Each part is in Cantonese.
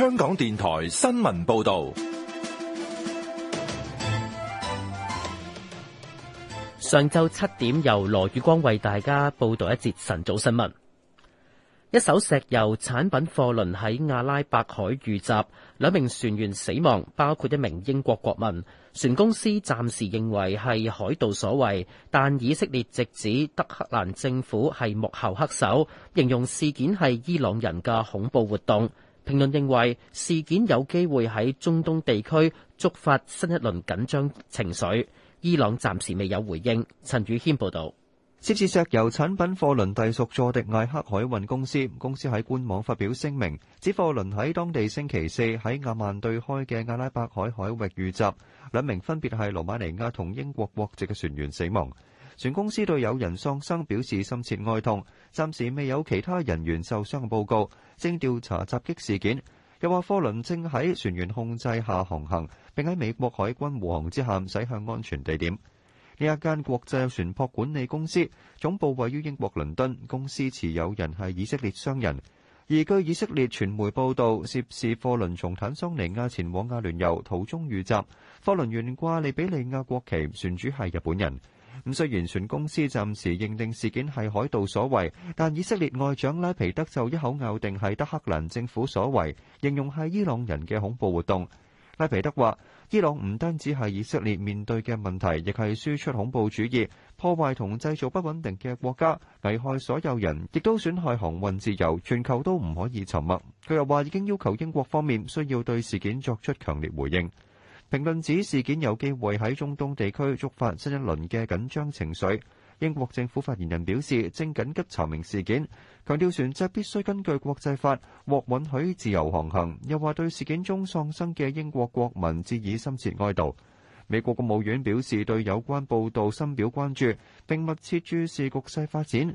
香港電台新聞報道：上晝七點，由羅宇光為大家報道一節晨早新聞。一艘石油產品貨輪喺阿拉伯海遇襲，兩名船員死亡，包括一名英國國民。船公司暫時認為係海盜所為，但以色列直指德黑蘭政府係幕後黑手，形容事件係伊朗人嘅恐怖活動。評論認為事件有機會喺中東地區觸發新一輪緊張情緒。伊朗暫時未有回應。陳宇謙報道。涉事石油產品貨輪隸屬佐迪艾克海運公司，公司喺官網發表聲明，指貨輪喺當地星期四喺亞曼對開嘅阿拉伯海海域遇襲，兩名分別係羅馬尼亞同英國國籍嘅船員死亡。船公司對有人喪生表示深切哀痛，暫時未有其他人員受傷嘅報告，正調查襲擊事件。又話貨輪正喺船員控制下航行，並喺美國海軍護航之下駛向安全地點。呢間國際船舶管理公司總部位於英國倫敦，公司持有人係以色列商人。而據以色列傳媒報導，涉事貨輪從坦桑尼亞前往阿聯酋途中遇襲，貨輪懸掛利比里亞國旗，船主係日本人。咁雖然船公司暫時認定事件係海盜所為，但以色列外長拉皮德就一口咬定係德黑蘭政府所為，形容係伊朗人嘅恐怖活動。拉皮德話：伊朗唔單止係以色列面對嘅問題，亦係輸出恐怖主義、破壞同製造不穩定嘅國家，危害所有人，亦都損害航運自由。全球都唔可以沉默。佢又話已經要求英國方面需要對事件作出強烈回應。評論指事件有機會喺中東地區觸發新一輪嘅緊張情緒。英國政府發言人表示，正緊急查明事件，強調船隻必須根據國際法獲允許自由航行，又話對事件中喪生嘅英國國民致以深切哀悼。美國國務院表示對有關報道深表關注，並密切注視局勢發展。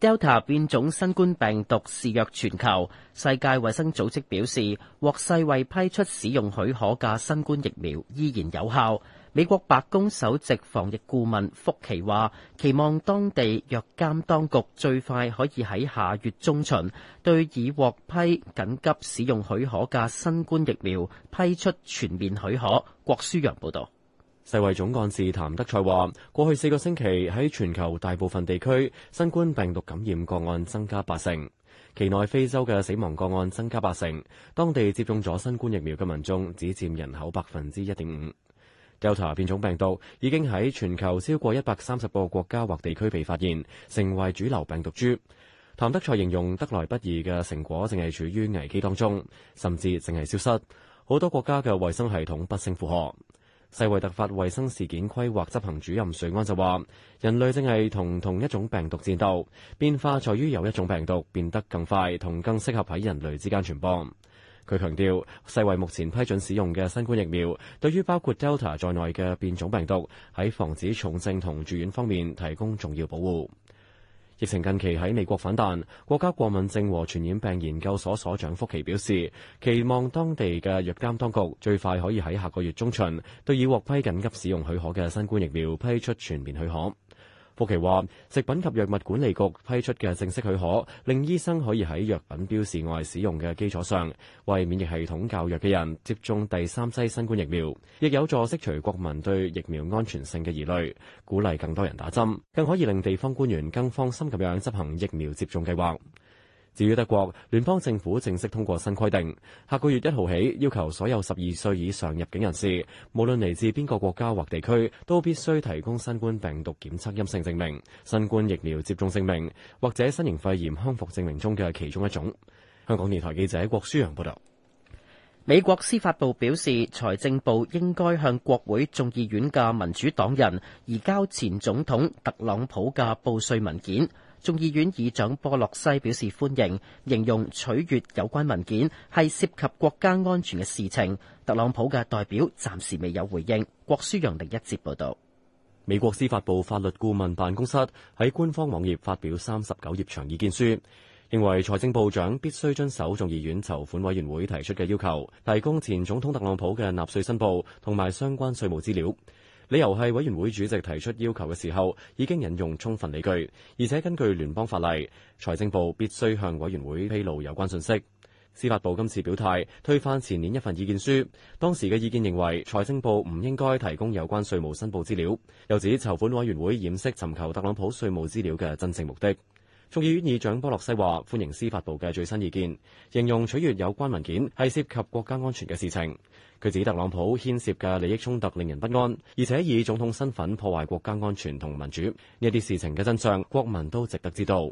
Delta 變種新冠病毒肆虐全球，世界衛生組織表示，獲世衛批出使用許可嘅新冠疫苗依然有效。美國白宮首席防疫顧問福奇話：期望當地藥監當局最快可以喺下月中旬對已獲批緊急使用許可嘅新冠疫苗批出全面許可。郭舒揚報導。世衛總幹事譚德賽話：過去四個星期喺全球大部分地區，新冠病毒感染個案增加八成，期內非洲嘅死亡個案增加八成。當地接種咗新冠疫苗嘅民眾只佔人口百分之一點五。Delta 變種病毒已經喺全球超過一百三十個國家或地區被發現，成為主流病毒株。譚德賽形容得來不易嘅成果淨係處於危機當中，甚至淨係消失。好多國家嘅衛生系統不勝負荷。世衛突發衛生事件規劃執行主任瑞安就話：人類正係同同一種病毒戰鬥，變化在於有一種病毒變得更快，同更適合喺人類之間傳播。佢強調，世衛目前批准使用嘅新冠疫苗，對於包括 Delta 在內嘅變種病毒，喺防止重症同住院方面提供重要保護。疫情近期喺美國反彈，國家過敏症和傳染病研究所所長福奇表示，期望當地嘅藥監當局最快可以喺下個月中旬對已獲批緊急使用許可嘅新冠疫苗批出全面許可。福奇話：食品及藥物管理局批出嘅正式許可，令醫生可以喺藥品標示外使用嘅基礎上，為免疫系統較弱嘅人接種第三劑新冠疫苗，亦有助釋除國民對疫苗安全性嘅疑慮，鼓勵更多人打針，更可以令地方官員更放心咁樣執行疫苗接種計劃。至於德國聯邦政府正式通過新規定，下個月一號起，要求所有十二歲以上入境人士，無論嚟自邊個國家或地區，都必須提供新冠病毒檢測陰性證明、新冠疫苗接種證明或者新型肺炎康復證明中嘅其中一種。香港電台記者郭舒陽報道。美國司法部表示，財政部應該向國會眾議院嘅民主黨人移交前總統特朗普嘅報稅文件。眾議院議長波洛西表示歡迎，形容取閱有關文件係涉及國家安全嘅事情。特朗普嘅代表暫時未有回應。郭書陽另一節報道，美國司法部法律顧問辦公室喺官方網頁發表三十九頁長意見書，認為財政部長必須遵守眾議院籌款委員會提出嘅要求，提供前總統特朗普嘅納稅申報同埋相關稅務資料。理由係委員會主席提出要求嘅時候，已經引用充分理據，而且根據聯邦法例，財政部必須向委員會披露有關信息。司法部今次表態推翻前年一份意見書，當時嘅意見認為財政部唔應該提供有關稅務申報資料，又指籌款委員會掩飾尋求特朗普稅務資料嘅真正目的。眾議院議長波洛西話：歡迎司法部嘅最新意見，形容取閱有關文件係涉及國家安全嘅事情。佢指特朗普牽涉嘅利益衝突令人不安，而且以總統身份破壞國家安全同民主。呢啲事情嘅真相，國民都值得知道。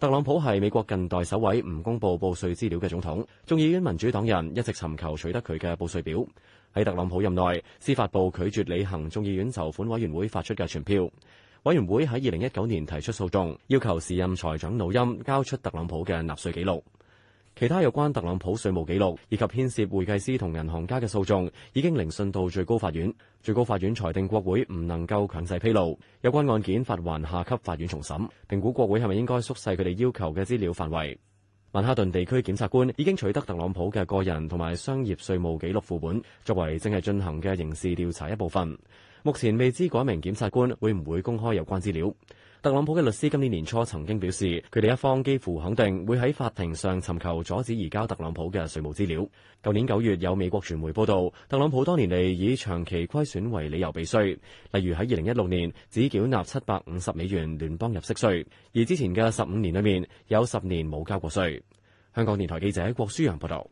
特朗普係美國近代首位唔公布報稅資料嘅總統，眾議院民主黨人一直尋求取得佢嘅報稅表。喺特朗普任內，司法部拒絕履行眾議院籌款委員會發出嘅傳票。委員會喺二零一九年提出訴訟，要求時任財長努欽交出特朗普嘅納稅記錄。其他有關特朗普稅務記錄以及牽涉會計師同銀行家嘅訴訟，已經聆訊到最高法院。最高法院裁定國會唔能夠強制披露。有關案件發還下級法院重審，評估國會係咪應該縮細佢哋要求嘅資料範圍。曼哈頓地區檢察官已經取得特朗普嘅個人同埋商業稅務記錄副本，作為正係進行嘅刑事調查一部分。目前未知嗰名檢察官會唔會公開有關資料。特朗普嘅律師今年年初曾經表示，佢哋一方幾乎肯定會喺法庭上尋求阻止移交特朗普嘅稅務資料。舊年九月有美國傳媒報道，特朗普多年嚟以長期虧損為理由避稅，例如喺二零一六年只繳納七百五十美元聯邦入息稅，而之前嘅十五年裏面有十年冇交過稅。香港電台記者郭書洋報道。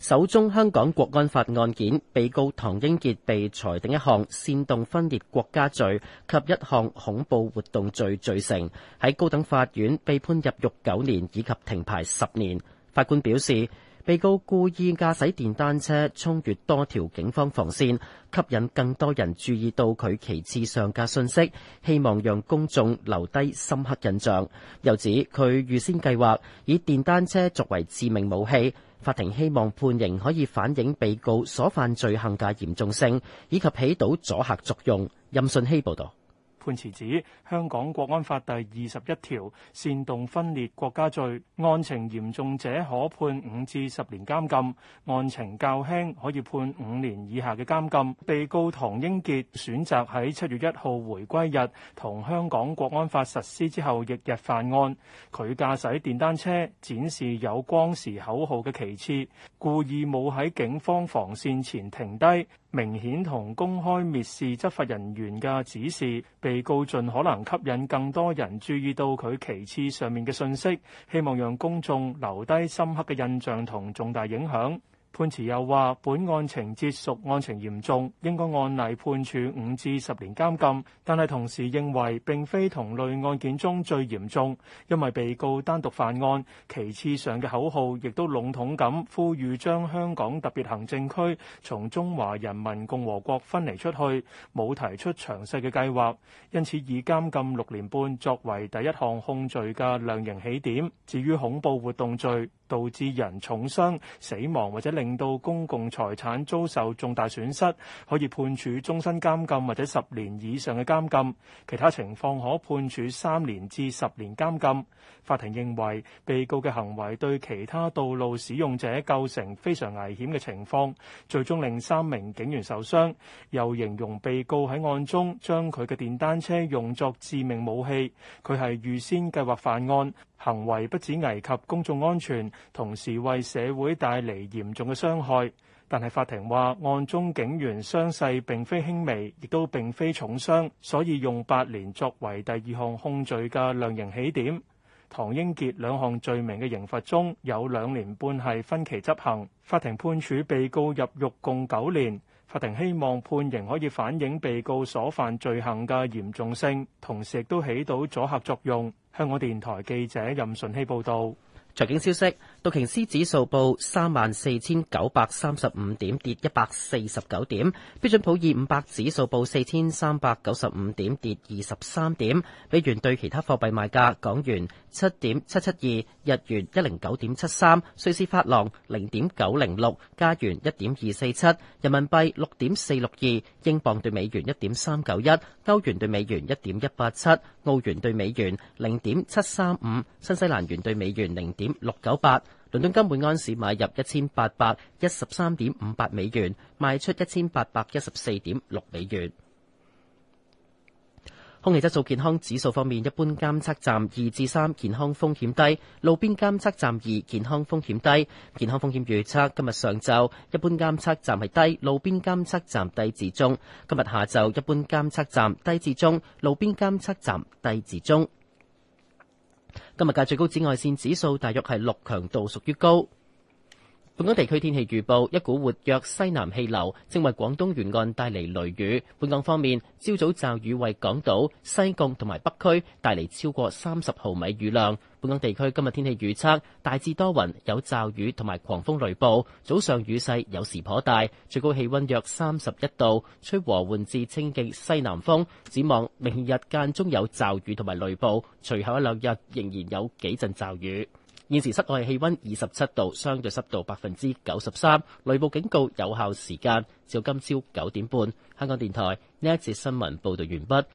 首宗香港國安法案件，被告唐英傑被裁定一項煽動分裂國家罪及一項恐怖活動罪罪成，喺高等法院被判入獄九年以及停牌十年。法官表示，被告故意駕駛電單車衝越多條警方防線，吸引更多人注意到佢旗幟上嘅信息，希望讓公眾留低深刻印象。又指佢預先計劃以電單車作為致命武器。法庭希望判刑可以反映被告所犯罪行嘅嚴重性，以及起到阻嚇作用。任信希報道。判詞指香港國安法第二十一條煽動分裂國家罪，案情嚴重者可判五至十年監禁，案情較輕可以判五年以下嘅監禁。被告唐英傑選擇喺七月一號回歸日同香港國安法實施之後翌日犯案，佢駕駛電單車展示有光時口號嘅旗幟，故意冇喺警方防線前停低。明顯同公開蔑視執法人員嘅指示，被告盡可能吸引更多人注意到佢旗幟上面嘅信息，希望讓公眾留低深刻嘅印象同重大影響。判詞又話，本案情節屬案情嚴重，應該按例判處五至十年監禁，但係同時認為並非同類案件中最嚴重，因為被告單獨犯案，其次上嘅口號亦都籠統咁呼籲將香港特別行政區從中華人民共和國分離出去，冇提出詳細嘅計劃，因此以監禁六年半作為第一項控罪嘅量刑起點。至於恐怖活動罪。導致人重傷、死亡或者令到公共財產遭受重大損失，可以判處終身監禁或者十年以上嘅監禁。其他情況可判處三年至十年監禁。法庭認為被告嘅行為對其他道路使用者構成非常危險嘅情況，最終令三名警員受傷。又形容被告喺案中將佢嘅電單車用作致命武器，佢係預先計劃犯案。行為不止危及公眾安全，同時為社會帶嚟嚴重嘅傷害。但係法庭話，案中警員傷勢並非輕微，亦都並非重傷，所以用八年作為第二項控罪嘅量刑起點。唐英傑兩項罪名嘅刑罰中有兩年半係分期執行，法庭判處被告入獄共九年。法庭希望判刑可以反映被告所犯罪行嘅嚴重性，同時亦都起到阻吓作用。香港電台記者任順希報道。財經消息。道瓊斯指數報三萬四千九百三十五點，跌一百四十九點。標準普爾五百指數報四千三百九十五點，跌二十三點。美元對其他貨幣賣價：港元七點七七二，日元一零九點七三，瑞士法郎零點九零六，加元一點二四七，人民幣六點四六二，英鎊對美元一點三九一，歐元對美元一點一八七，澳元對美元零點七三五，新西蘭元對美元零點六九八。倫敦金每安士買入一千八百一十三點五八美元，賣出一千八百一十四點六美元。空氣質素健康指數方面，一般監測站二至三，健康風險低；路邊監測站二，健康風險低。健康風險預測：今日上晝一般監測站係低，路邊監測站低至中；今日下晝一般監測站低至中，路邊監測站低至中。今日嘅最高紫外線指數大約係六，強度屬於高。本港地區天氣預報：一股活躍西南氣流正為廣東沿岸帶嚟雷雨。本港方面，朝早驟雨為港島、西貢同埋北區帶嚟超過三十毫米雨量。本港地區今日天氣預測大致多雲，有驟雨同埋狂風雷暴，早上雨勢有時頗大，最高氣溫約三十一度，吹和緩至清勁西南風。展望明日間中有驟雨同埋雷暴，隨後一兩日仍然有幾陣驟雨。現時室外氣溫二十七度，相對濕度百分之九十三，雷暴警告有效時間至今朝九點半。香港電台呢一節新聞報導完畢。